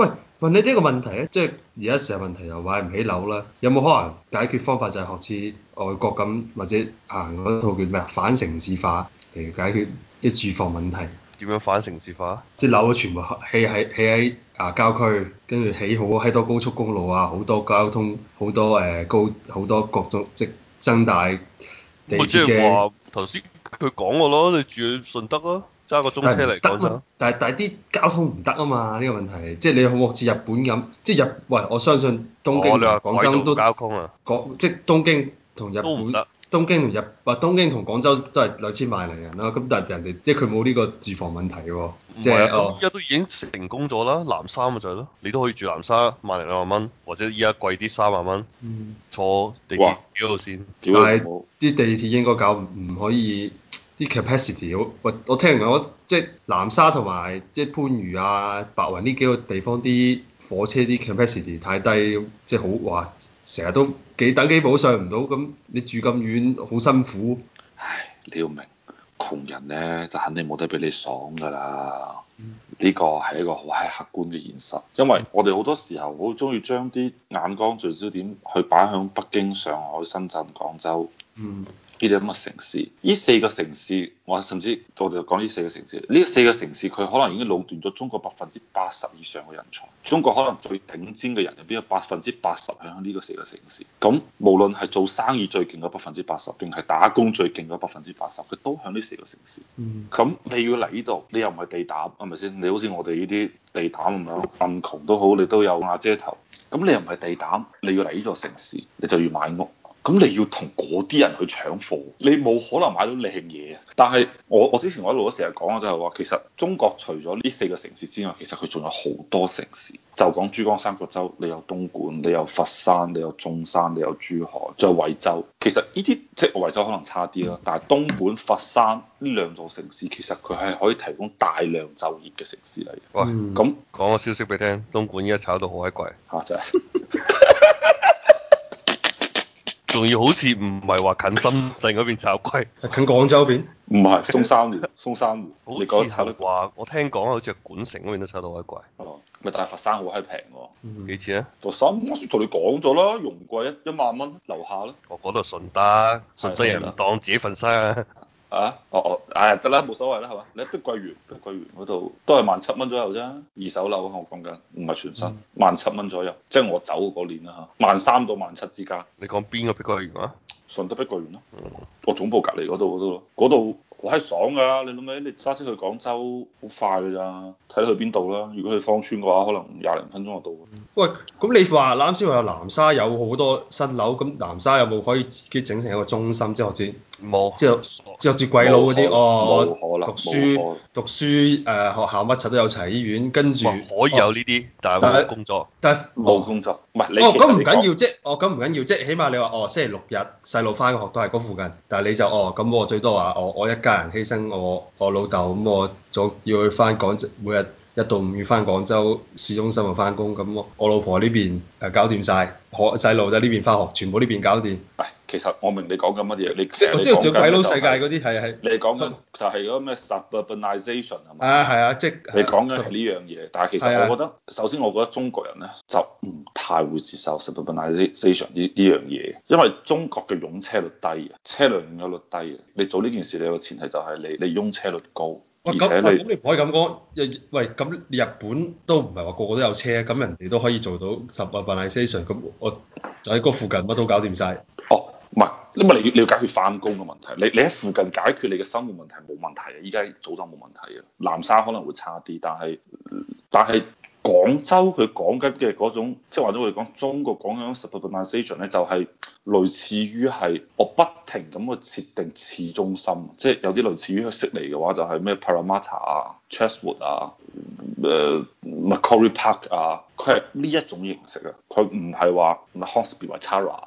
喂，問你呢個問題咧，即係而家成問題又買唔起樓啦，有冇可能解決方法就係學似外國咁，或者行嗰套叫咩反城市化嚟解決啲住房問題？點樣反城市化？即係樓全部起喺起喺啊郊區，跟住起好喺多高速公路啊，好多交通，好多誒、呃、高，好多各種即增大地。冇即係話頭先佢講過咯，你住順德咯。揸個中車嚟講真，但係但係啲交通唔得啊嘛，呢個問題，即係你好似日本咁，即係日喂，我相信東京講真、哦、都，都交通啊，講即係東京同日本，東京同日，或東京同廣州都係兩千萬零人啦，咁但係人哋即係佢冇呢個住房問題喎，即係，依家都已經成功咗啦，南沙咪就係咯，你都可以住南沙萬零兩萬蚊，或者依家貴啲三萬蚊，嗯、坐地鐵，幾號線？但係啲地鐵應該搞唔可以。啲 capacity 我我我聽完我即係南沙同埋即係番禺啊、白雲呢幾個地方啲火車啲 capacity 太低，即係好哇成日都幾等幾補上唔到，咁你住咁遠好辛苦。唉，你要明，窮人咧就肯定冇得俾你爽㗎啦。呢個係一個好閪客觀嘅現實，因為我哋好多時候好中意將啲眼光聚焦點去擺響北京、上海、深圳、廣州。嗯。呢啲咁嘅城市，呢四個城市，我甚至我哋就講呢四個城市，呢四個城市佢可能已經壟斷咗中國百分之八十以上嘅人才。中國可能最頂尖嘅人入邊，有百分之八十喺呢個四個城市。咁無論係做生意最勁嘅百分之八十，定係打工最勁嘅百分之八十，佢都喺呢四個城市。咁你要嚟呢度，你又唔係地膽，係咪先？你好似我哋呢啲地膽咁樣，咁窮都好，你都有瓦遮頭。咁你又唔係地膽，你要嚟呢座城市，你就要買屋。咁你要同嗰啲人去搶貨，你冇可能買到靚嘢。但係我我之前我一路都成日講啊，就係話其實中國除咗呢四個城市之外，其實佢仲有好多城市。就講珠江三角洲，你有東莞，你有佛山，你有中山，你有珠海，仲有惠州。其實呢啲即係惠州可能差啲啦，但係東莞、佛山呢兩座城市其實佢係可以提供大量就業嘅城市嚟嘅。喂、嗯，咁那講個消息俾你聽，東莞依家炒到好閪貴。嚇真係。仲要好似唔係話近深圳嗰邊炒貴， 近廣州邊？唔係松山湖，松山湖。你講得合理我聽講好似莞城嗰邊都炒到好貴。哦、嗯，咪但係佛山好閪平喎，幾錢啊？嗯、佛山我先同你講咗啦，容桂一,一萬蚊，樓下啦。我講得順啲順德人唔當自己份生。 啊，我我，哎呀，得啦，冇所謂啦，係嘛？你碧桂園，碧桂園嗰度都係萬七蚊左右啫，二手樓，我講緊，唔係全新，萬七蚊左右，即係我走嗰年啦嚇，萬三到萬七之間。你講邊個碧桂園啊？順德碧桂園咯，嗯、我總部隔離度度咯，嗰度。我係爽㗎，你諗起你揸車去廣州好快㗎咋，睇你去邊度啦？如果去芳村嘅話，可能廿零分鐘就到。喂，咁你話啱先話南沙有好多新樓，咁南沙有冇可以自己整成一個中心？即係我知冇，即係好似鬼佬嗰啲哦，讀書讀書誒學校乜柒都有，齊醫院，跟住可以有呢啲，但係冇工作，但係冇工作，唔係哦咁唔緊要即係哦咁唔緊要即係，起碼你話哦星期六日細路翻學都係嗰附近，但係你就哦咁我最多話哦，我一大人犧牲我，我老豆咁，我早要去翻廣州，每日。一到五月翻廣州市中心啊，翻工咁，我老婆呢邊誒搞掂晒，學細路仔呢邊翻學，全部呢邊搞掂。唔係，其實我明你講緊乜嘢，即你即係我知道鬼佬，就是，世界嗰啲係係。就是，你講緊就係嗰咩 suburbanization 係嘛？啊係啊，即係你講緊呢樣嘢，啊，但係其實我覺得，是啊，首先我覺得中國人咧就唔太會接受 suburbanization 呢呢樣嘢，因為中國嘅擁車率低，車輛擁有率低嘅，你做呢件事你個前提就係你你擁車率高。哇！咁咁你唔、啊、可以咁講，喂咁日本都唔係話個個都有車，咁人哋都可以做到十個快遞 station 咁我就喺個附近乜都搞掂晒。哦，唔係，因為你要解決返工嘅問題，你你喺附近解決你嘅生活問題冇問題啊，依家早就冇問題啊，南沙可能會差啲，但係但係。廣州佢講緊嘅嗰種，即係或者我哋講中國講緊 suburbanisation 咧，就係類似於係我不停咁去設定次中心，即係有啲類似於悉尼嘅話，就係、是、咩 Parramatta 啊、Chatswood 啊、誒、呃、Macquarie Park 啊，佢係呢一種形式啊，佢唔係話 Hornsby 或 Tarra，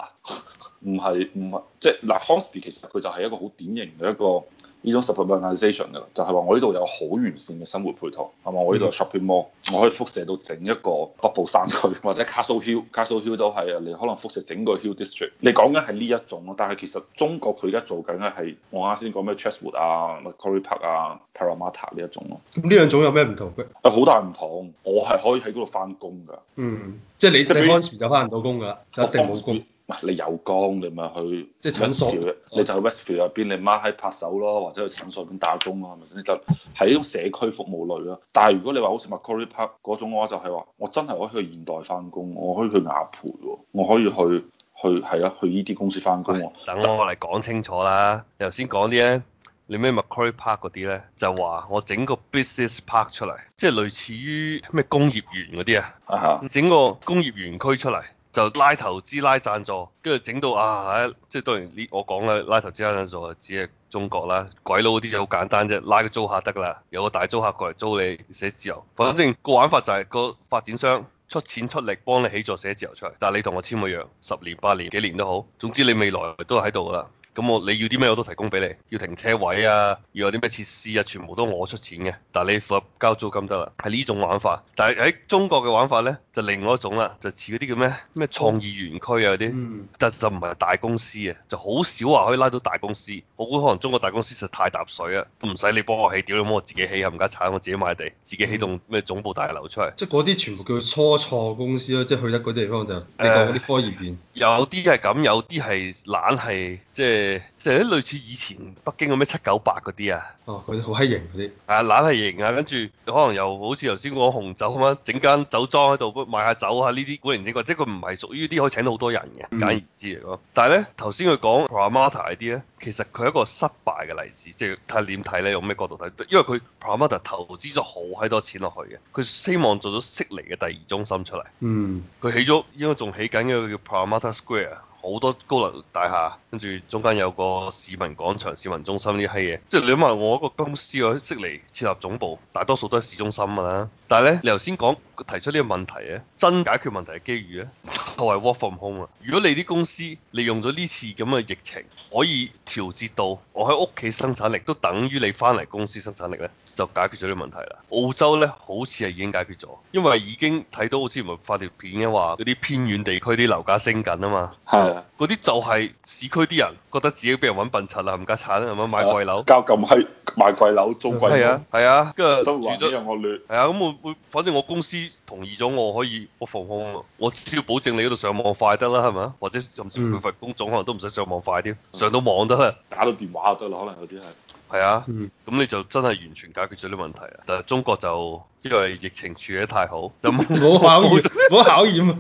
唔係唔係即係嗱 Hornsby 其實佢就係一個好典型嘅一個。呢種 suburbanization 㗎啦，就係話我呢度有好完善嘅生活配套，係咪？我呢度有 shopping mall，我可以輻射到整一個北部山區或者 Castle Hill，Castle Hill 都係啊，你可能輻射整個 hill district。你講緊係呢一種咯，但係其實中國佢而家做緊嘅係我啱先講咩 Chatswood 啊、Macquarie Park 啊、Parramatta 呢一種咯。咁呢兩種有咩唔同？啊，好大唔同，我係可以喺嗰度翻工㗎。嗯，即係你，即你定安時就翻唔到工㗎，即係定唔到工。唔係你有江，你咪去即係診所，你就去 Westfield 入邊，你孖喺拍手咯，或者去診所入邊打工咯，係咪先？你就係一種社區服務類咯。但係如果你話好似 Macquarie Park 嗰種嘅話，就係話我真係可以去現代翻工，我可以去雅培，我可以去去係咯，去呢啲、啊、公司翻工。等我嚟講清楚啦。頭先講啲咧，你咩 Macquarie Park 嗰啲咧，就話我整個 business park 出嚟，即係類似於咩工業園嗰啲啊，整個工業園區出嚟。就拉投資拉贊助，跟住整到啊，即係當然呢，我講嘅拉投資拉贊助只係中國啦，鬼佬啲就好簡單啫，拉個租客得噶啦，有個大租客過嚟租你寫字樓，反正個玩法就係個發展商出錢出力幫你起座寫字樓出嚟，但係你同我簽個約，十年八年幾年都好，總之你未來都喺度噶啦。咁我你要啲咩我都提供俾你，要停車位啊，要有啲咩設施啊，全部都我出錢嘅，但係你符合交租金得啦，係呢種玩法。但係喺中國嘅玩法咧，就另外一種啦，就似嗰啲叫咩咩創意園區啊嗰啲，但就唔係大公司啊，就好少話可以拉到大公司。我估可能中國大公司實在太揼水啊，唔使你幫我起，屌你冇，我自己起，冚家鏟，我自己買地，自己起棟咩總部大樓出嚟。嗯嗯、即係嗰啲全部叫初創公司啊，即、就、係、是、去得嗰啲地方就是，你講嗰啲科研園、呃。有啲係咁，有啲係懶係即係。就是誒即係啲類似以前北京嗰咩七九八嗰啲啊，哦啲好閪型嗰啲，係懶係型啊，跟住可能又好似頭先講紅酒咁樣，整間酒莊喺度賣下酒啊呢啲古靈精怪，即係佢唔係屬於啲可以請到好多人嘅，簡而言之嚟講。但係呢，頭先佢講 Parramatta 啲呢，其實佢係一個失敗嘅例子，即係睇下點睇呢，用咩角度睇？因為佢 Parramatta 投資咗好閪多錢落去嘅，佢希望做到悉尼嘅第二中心出嚟。嗯，佢起咗應該仲起緊一個叫 Parramatta Square。好多高樓大廈，跟住中間有個市民廣場、市民中心呢啲嘢，即係你諗我一個公司啊，悉尼設立總部，大多數都係市中心㗎啦。但係呢，你頭先講提出呢個問題啊，真解決問題嘅機遇啊。就係 work from home 啊！如果你啲公司利用咗呢次咁嘅疫情，可以調節到我喺屋企生產力都等於你翻嚟公司生產力咧，就解決咗啲問題啦。澳洲咧好似係已經解決咗，因為已經睇到好似咪發條片嘅話，嗰啲偏遠地區啲樓價升緊啊嘛。係啊，嗰啲就係市區啲人覺得自己俾人揾笨柒啦，冚家鏟係咪買貴樓？交咁閪買貴樓租貴。係啊，係啊，跟住住咗。任何係啊，咁我會反正我公司。同意咗我可以我防控我只要保證你嗰度上網快得啦，係咪啊？或者甚至部分工種可能都唔使上網快啲，上到網得啦、嗯，打到電話得啦，可能有啲係。係啊，咁、嗯、你就真係完全解決咗啲問題啊！但係中國就因為疫情處理得太好，冇 考驗，冇 考驗、啊。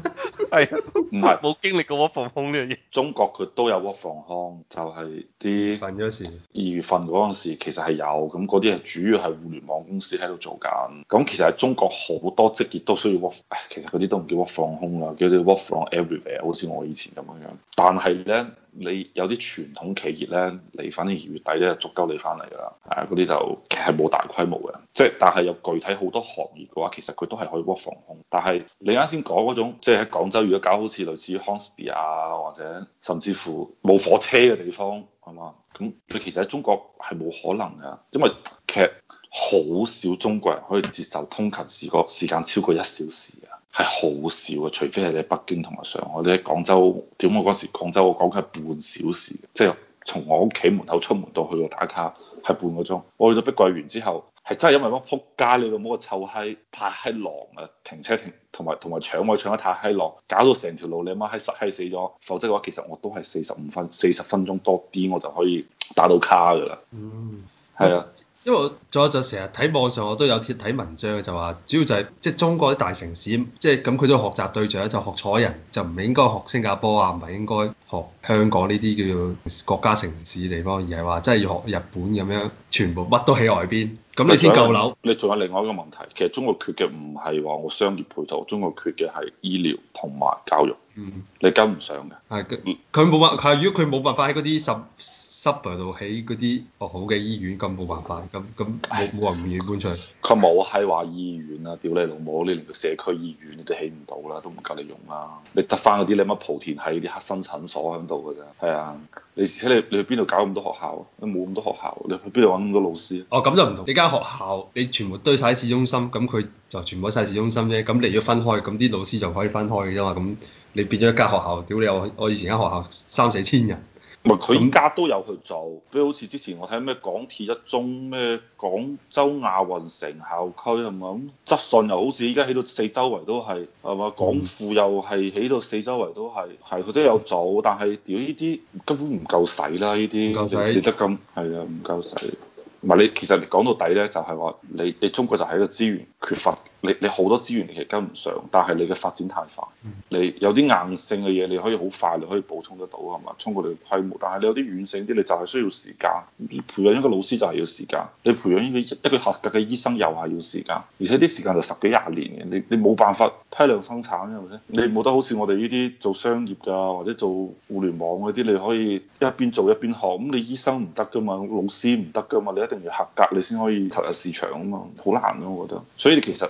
係啊，唔係冇經歷過 work 放空呢樣嘢。中國佢都有 work 放空，就 m 啲。o m e 二月份嗰陣時，其實係有咁嗰啲係主要係互聯網公司喺度做緊。咁其實喺中國好多職業都需要 work，其實嗰啲都唔叫 work 放空 o 啦，叫啲 work from everywhere，好似我以前咁樣。但係咧，你有啲傳統企業咧，你反正二月底咧，足夠你翻嚟㗎啦。啊，嗰啲就其係冇大規模嘅，即、就、係、是、但係有具體好多行業嘅話，其實佢都係可以 work 放空。但係你啱先講嗰種，即係喺廣州如果搞好似類似於康士比啊，或者甚至乎冇火車嘅地方，係嘛？咁佢其實喺中國係冇可能嘅，因為其實好少中國人可以接受通勤時個時間超過一小時嘅，係好少嘅。除非係你喺北京同埋上海，你喺廣州，點？我嗰時廣州我講嘅係半小時，即係從我屋企門口出門到去到打卡係半個鐘。我去到碧桂園之後。係真係因為幫撲街，你老母個臭閪太閪狼啊！停車停同埋同埋搶位搶得太閪狼，搞到成條路你阿媽閪實閪死咗。否則嘅話，其實我都係四十五分、四十分鐘多啲，我就可以打到卡噶啦。嗯，係啊。因為我仲有就成日睇網上，我都有睇睇文章，就話主要就係即係中國啲大城市，即係咁佢都學習對象就學錯人，就唔係應該學新加坡啊，唔係應該學香港呢啲叫做國家城市地方，而係話真係要學日本咁樣，全部乜都喺外邊，咁你先夠樓。你仲有，有另外一個問題，其實中國缺嘅唔係話我商業配套，中國缺嘅係醫療同埋教育，嗯，你跟唔上嘅。係佢佢冇辦法係，如果佢冇辦法喺嗰啲十。s u 度起嗰啲學好嘅醫院，咁冇辦法，咁咁冇冇人願意搬出去。佢冇喺話醫院啊，屌你老母，你連個社區醫院你都起唔到啦，都唔夠你用啦，啊。你得翻嗰啲你乜莆田系啲黑心診所喺度㗎啫。係啊，你而且你你去邊度搞咁多學校？你冇咁多學校，你去邊度揾咁多老師？哦，咁就唔同。你間學校你全部堆晒喺市中心，咁佢就全部喺曬市中心啫。咁嚟咗分開，咁啲老師就可以分開嘅啫嘛。咁你變咗一間學校，屌你又我以前間學校三四千人。佢而家都有去做，比如好似之前我睇咩廣鐵一中、咩廣州亞運城校區係嘛，執信又好似而家起到四周圍都係係嘛，廣附又係起到四周圍都係係佢都有做，但係屌呢啲根本唔夠使啦呢啲，唔夠使，唔得咁，係啊唔夠使。唔係你其實你講到底咧，就係話你你中國就係一個資源缺乏。你你好多資源其實跟唔上，但係你嘅發展太快，你有啲硬性嘅嘢你可以好快你可以補充得到係嘛？衝過你嘅規模，但係你有啲軟性啲，你就係需要時間。培養一個老師就係要時間，你培養一個一個合格嘅醫生又係要時間，而且啲時間就十幾廿年嘅，你你冇辦法批量生產，係咪你冇得好似我哋呢啲做商業㗎或者做互聯網嗰啲，你可以一邊做一邊學。咁你醫生唔得㗎嘛，老師唔得㗎嘛，你一定要合格你先可以投入市場啊嘛，好難咯啊，我覺得。所以其實。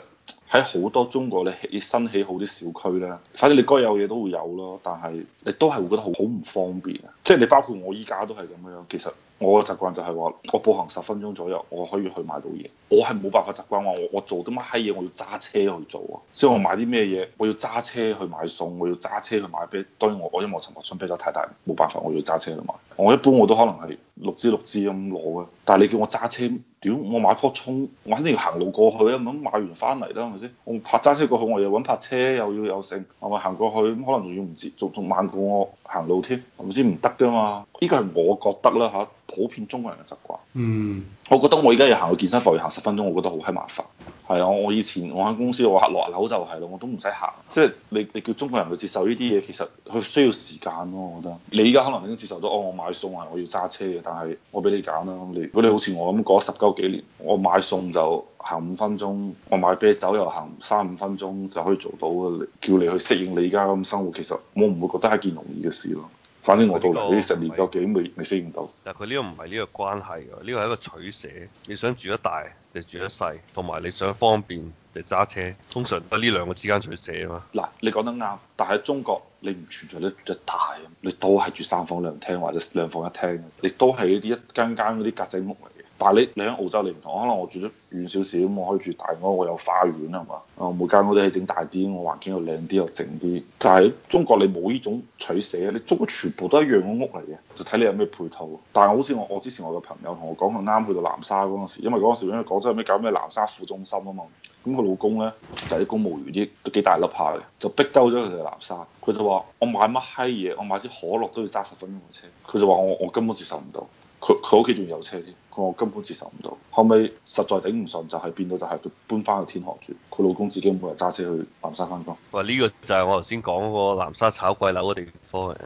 喺好多中國你起新起好啲小區咧，反正你該有嘢都會有咯，但係你都係會覺得好好唔方便啊！即係你包括我依家都係咁樣，其實。我嘅習慣就係話，我步行十分鐘左右，我可以去買到嘢。我係冇辦法習慣我我做啲乜閪嘢，我要揸車去做啊。即係我買啲咩嘢，我要揸車去買餸，我要揸車去買啤。當然我我因為我陳伯春比較太大，冇辦法我要揸車去買。我一般我都可能係六支六支咁攞嘅。但係你叫我揸車，屌我買樖葱，我肯定要行路過去啊。咁買完翻嚟啦，係咪先？我怕揸車過去，我又揾泊車，又要有剩，係咪行，行，行過去？咁可能仲要唔知，仲仲慢過我。行路添，係咪先唔得噶嘛？呢個係我覺得啦吓，普遍中國人嘅習慣。嗯，我我，我覺得我依家要行去健身房要行十分鐘，我覺得好閪麻煩。係啊，我以前我喺公司我行落樓就係咯，我都唔使行。即係你你叫中國人去接受呢啲嘢，其實佢需要時間咯、啊。我覺得你而家可能已經接受咗，哦，我買餸啊，我要揸車嘅。但係我俾你揀啦，你如果你好似我咁過十鳩幾年，我買餸就行五分鐘，我買啤酒又行三五分鐘就可以做到嘅。叫你去適應你而家咁生活，其實我唔會覺得係一件容易嘅事咯。反正我到嚟呢十年有幾未未適應到。但係佢呢個唔係呢個關係㗎，呢個係一個取捨。你想住得大，定住得細，同埋你想方便定揸車，通常都呢兩個之間取捨啊嘛。嗱，你講得啱，但係喺中國，你唔存在住得住得大，你都係住三房兩廳或者兩房一廳，你都係啲一間間嗰啲格仔屋嚟嘅。但係你你喺澳洲你唔同，可能我住得遠少少，我可以住大屋，我有花園係嘛？我每間屋都係整大啲，我環境又靚啲又靜啲。但係中國你冇呢種取捨，你租全部都一樣嘅屋嚟嘅，就睇你有咩配套。但係好似我我之前我個朋友同我講，佢啱去到南沙嗰陣時，因為嗰陣時因為廣州有咩搞咩南沙副中心啊嘛，咁佢老公咧就係啲公務員啲都幾大粒下嘅，就逼鳩咗佢哋南沙。佢就話我買乜閪嘢，我買支可樂都要揸十分鐘嘅車。佢就話我我根本接受唔到。佢佢屋企仲有車添，佢話我根本接受唔到。後尾實在頂唔順，就係、是、變就到就係佢搬翻去天河住。佢老公自己每日揸車去南沙翻工。話呢、呢個就係我頭先講嗰個南沙炒貴樓嘅地方嚟，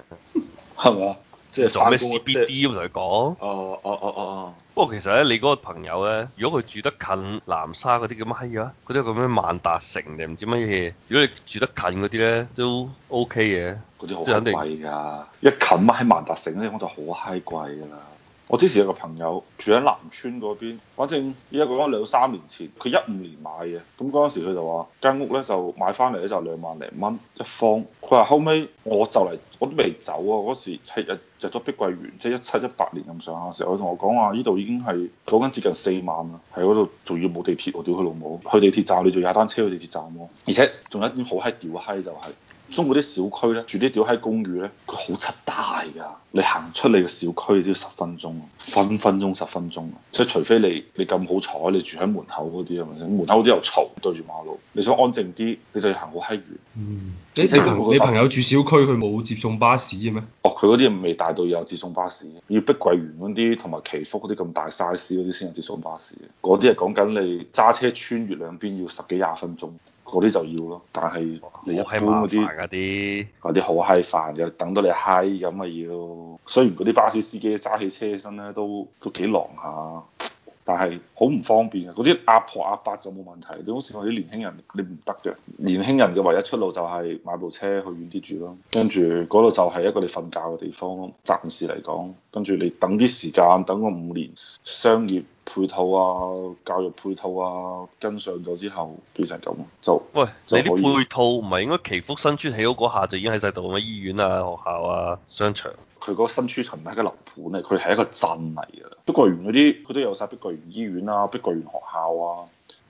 係咪啊？即係做咩 CBD 咁同佢講？哦哦哦哦。啊、不過其實咧，你嗰個朋友咧，如果佢住得近南沙嗰啲叫乜閪啊？嗰啲叫咩萬達城定唔知乜嘢？如果你住得近嗰啲咧，都 OK 嘅。嗰啲好肯定貴㗎， 一近乜喺萬達城嗰啲地方就好閪貴㗎啦。我之前有個朋友住喺南村嗰邊，反正依家講緊兩三年前，佢一五年買嘅，咁嗰陣時佢就話間屋咧就買翻嚟咧就兩萬零蚊一方。佢話後尾我就嚟我都未走啊，嗰時係入入咗碧桂園，即係一七一八年咁上下時候，佢同我講話呢度已經係講緊接近四萬啦，喺嗰度仲要冇地鐵，我屌佢老母，去地鐵站你仲踩單車去地鐵站喎、啊，而且仲有一點好閪屌閪就係、是。中國啲小區咧，住啲屌閪公寓咧，佢好柒大㗎。你行出你嘅小區都要十分鐘，分分鐘十分鐘。所以、嗯、除非你你咁好彩，你住喺門口嗰啲啊，門口嗰啲又嘈，對住馬路。你想安靜啲，你就要行好閪遠。嗯，你你朋友住小區，佢冇接送巴士嘅咩？哦，佢嗰啲未大到有接送巴士，要碧桂園嗰啲同埋祈福嗰啲咁大 size 嗰啲先有接送巴士。嗰啲係講緊你揸車穿越兩邊要十幾廿分鐘。嗰啲就要咯，但係你一般嗰啲嗰啲好嗨煩嘅，又等到你嗨咁咪要。雖然嗰啲巴士司機揸起車身咧都都幾狼下，但係好唔方便嘅。嗰啲阿婆阿伯就冇問題，你好似我啲年輕人你唔得嘅。年輕人嘅唯一出路就係買部車去遠啲住咯，跟住嗰度就係一個你瞓覺嘅地方，暫時嚟講。跟住你等啲時間，等個五年商業。配套啊，教育配套啊，跟上咗之後，變成咁就。喂，就你啲配套唔係應該祈福新村起屋嗰下就已經喺晒度咩？醫院啊，學校啊，商場。佢嗰個新村唔係一個樓盤咧，佢係一個鎮嚟嘅。碧桂園嗰啲佢都有晒碧桂園醫院啊、碧桂園學校啊。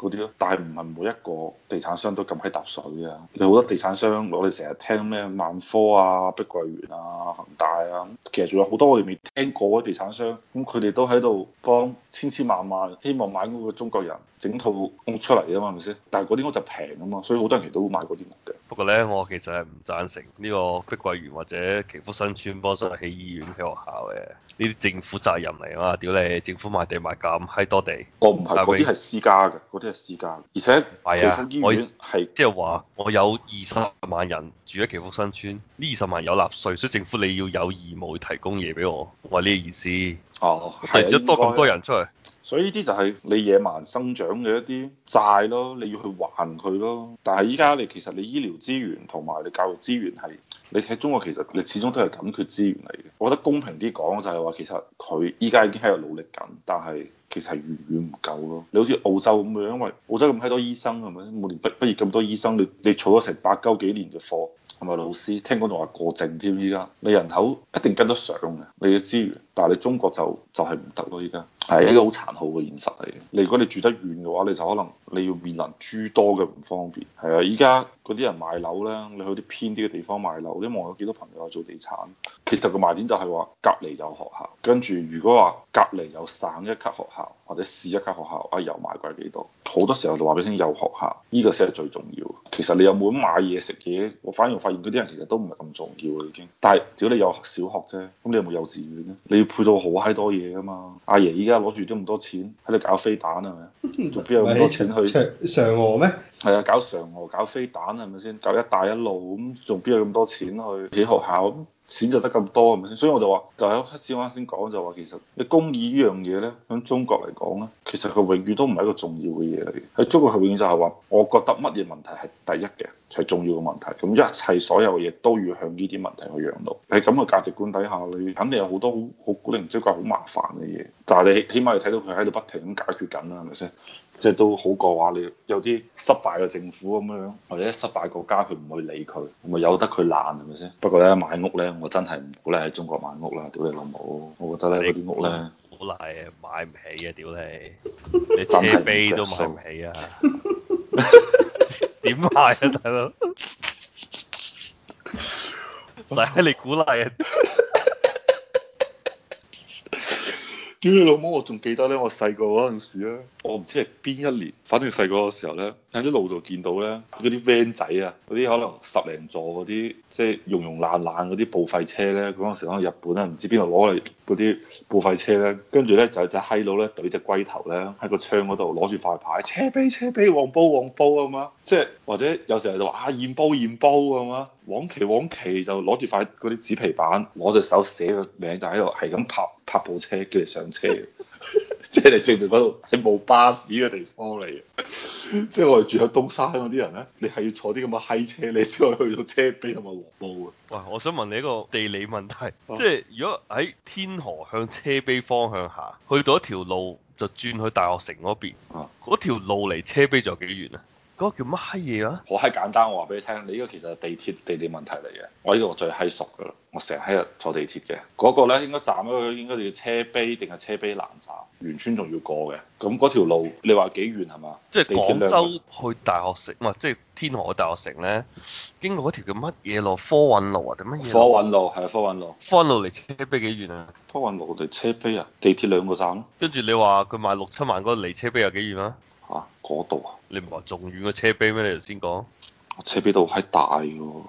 啲咯，但係唔係每一個地產商都咁閪揼水啊。有好多地產商，我哋成日聽咩萬科啊、碧桂園啊、恒大啊，其實仲有好多我哋未聽過嘅地產商，咁佢哋都喺度幫千千萬萬希望買屋嘅中國人整套屋出嚟啊嘛，係咪先？但係嗰啲屋就平啊嘛，所以好多人都會買嗰啲屋嘅。不過咧，我其實係唔贊成呢個碧桂園或者祈福新村幫手起醫院、起學校嘅。呢啲政府責任嚟啊嘛！屌你，政府賣地賣咁閪多地，哦唔係嗰啲係私家嘅，嗰啲係私家，而且祈福、啊、醫院係我意思係即係話，我有二十萬人住喺祈福新村，呢二十萬人有納稅，所以政府你要有義務提供嘢俾我，我係呢個意思。哦，係、啊。突然之間多咁多人出去。所以呢啲就係你野蠻生長嘅一啲債咯，你要去還佢咯。但係依家你其實你醫療資源同埋你教育資源係，你喺中國其實你始終都係緊缺資源嚟嘅。我覺得公平啲講就係話，其實佢依家已經喺度努力緊，但係其實係遠遠唔夠咯。你好似澳洲咁樣，因為澳洲咁閪多醫生係咪？每年畢畢業咁多醫生，你你儲咗成八九幾年嘅貨係咪老師？聽講仲話過剩添依家，你人口一定跟得上嘅，你嘅資源。但係你中國就就係唔得咯，依家係一個好殘酷嘅現實嚟嘅。你如果你住得遠嘅話，你就可能你要面臨諸多嘅唔方便。係啊，依家嗰啲人買樓咧，你去啲偏啲嘅地方買樓，我啲望有幾多朋友去做地產。其實個賣點就係話隔離有學校，跟住如果話隔離有省一級學校或者市一級學校，啊又買貴幾多。好多時候就話俾你聽有學校，呢個先係最重要。其實你有冇咁買嘢食嘢，我反而發現嗰啲人其實都唔係咁重要啦已經。但係只要你有小學啫，咁你有冇幼稚園呢？你配到好嗨多嘢㗎嘛！阿爺依家攞住咗咁多錢喺度搞飛彈，係咪？仲邊 有咁多錢去嫦娥咩？係啊，搞嫦娥搞飛彈，係咪先？搞一帶一路咁，仲邊有咁多錢去起學校選擇得咁多係咪先？所以我就話，就喺開始我啱先講就話，其實你公義呢樣嘢咧，喺中國嚟講咧，其實佢永遠都唔係一個重要嘅嘢嚟。喺中國佢永遠就係話，我覺得乜嘢問題係第一嘅，係重要嘅問題。咁一切所有嘢都要向呢啲問題去讓路。喺咁嘅價值觀底下，你肯定有好多好好古靈精怪好麻煩嘅嘢。但係你起起碼要睇到佢喺度不停咁解決緊啦，係咪先？即係都好過話你有啲失敗嘅政府咁樣，或者失敗國家佢唔會理佢，咪由得佢爛係咪先？不過咧，買屋咧，我真係唔鼓勵喺中國買屋啦，屌你老母！我覺得咧嗰啲屋咧，好賴啊，買唔起啊，屌你！你車碑都買唔起啊？點 買啊，大佬？使你鼓勵啊？ 屌你、哎、老母！我仲記得咧，我細個嗰陣時咧，我唔知係邊一年，反正細個嗰時候咧，喺啲路度見到咧，嗰啲 van 仔啊，嗰啲可能十零座嗰啲，即係融融爛爛嗰啲報廢車咧，嗰、那、陣、個、時可能日本咧，唔知邊度攞嚟嗰啲報廢車咧，跟住咧就係隻閪佬咧，對隻龜頭咧，喺個窗嗰度攞住塊牌，車碑車碑，黃煲黃煲咁嘛，即係或者有時候就話啊，鹽煲鹽煲咁嘛。往期往期就攞住塊嗰啲紙皮板，攞隻手寫個名，就喺度係咁拍拍部車，叫佢上車。即係 你證明嗰度係冇巴士嘅地方嚟。即 係我哋住喺東山嗰啲人咧，你係要坐啲咁嘅閪車，你先可以去到車陂同埋黃埔嘅。哇！我想問你一個地理問題，啊、即係如果喺天河向車陂方向行，去到一條路就轉去大學城嗰邊，嗰、啊、條路離車陂仲有幾遠啊？嗰個叫乜嘢啊？好閪簡單，我話俾你聽，你呢個其實係地鐵地理問題嚟嘅。我呢個最閪熟噶啦，我成日喺度坐地鐵嘅。嗰、那個咧，應該站咧，應該要車陂定係車陂南站，員村仲要過嘅。咁嗰條路你話幾遠係嘛？即係廣州去大學城，唔即係天河嘅大學城咧，經過嗰條叫乜嘢路、啊、路？科韻路啊定乜嘢？科韻路係科韻路。科韻路離車陂幾遠啊？科韻路嚟車陂啊？地鐵兩個站。跟住你話佢賣六七萬嗰個離車陂有幾遠啊？吓，嗰度啊，啊？你唔係話仲遠過車陂咩？你頭先講 。我車陂度喺大嘅喎，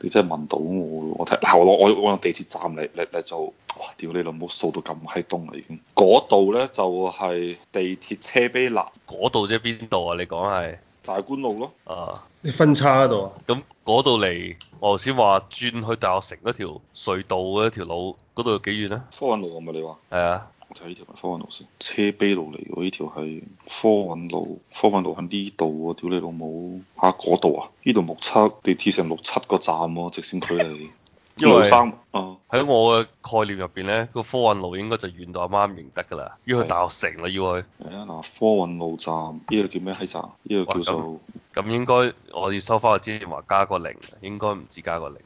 你真係問到我我睇，嗱，我用我我地鐵站嚟嚟嚟就，哇！屌你老母，掃到咁閪凍啦已經。嗰度咧就係、是、地鐵車陂南。嗰度啫，邊度啊？你講係？大觀路咯。嗯、啊。你分叉嗰度啊？咁嗰度嚟，我頭先話轉去大學城嗰條隧道嗰條路，嗰、那、度、個、有幾遠啊？科韻路咁咪你話？係啊的。駛云睇呢條係科韻路線，車陂路嚟喎，呢條係科韻路，科韻路喺呢度喎，屌你老母吓，嗰度啊？呢度目測地鐵成六七個站咯，啊，直線距離。因為喺，啊，我嘅概念入邊咧，個科韻路應該就遠到阿媽唔認得㗎啦，要去大學城啦，要去。係啊，嗱科韻路站，呢度叫咩閪站？呢度叫做，咁應該我要收翻我之前話加個零，應該唔止加個零。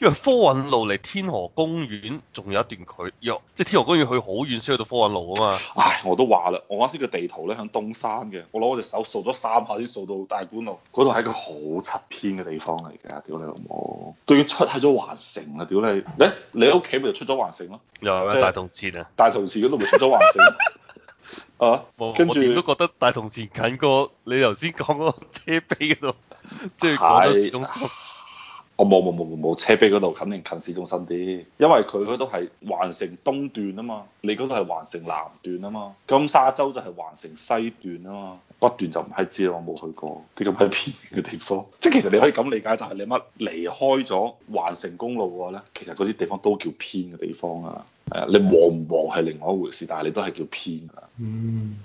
因為科韻路離天河公園仲有一段距離，即係天河公園去好遠先去到科韻路啊嘛。唉、哎，我都話啦，我啱先個地圖咧響東山嘅，我攞我隻手掃咗三下先掃到大觀路，嗰度係一個好七偏嘅地方嚟嘅。屌你老母，對出喺咗環城啦、啊！屌你，哎、你屋企咪就出咗環城咯、啊？又係有大同寺啊！ 大同寺嗰度咪出咗環城？啊、uh,，我點都覺得大同寺近,近過你頭先講嗰個車陂嗰度，即係廣州市中心。 我冇冇冇冇冇，車陂嗰度肯定近市中心啲，因為佢嗰度係環城東段啊嘛，你嗰度係環城南段啊嘛，金沙洲就係環城西段啊嘛，北段就唔係知啦，我冇去過啲咁喺偏嘅地方，即係其實你可以咁理解就係你乜離開咗環城公路嘅話咧，其實嗰啲地方都叫偏嘅地方啊，係你旺唔旺係另外一回事，但係你都係叫偏㗎。嗯。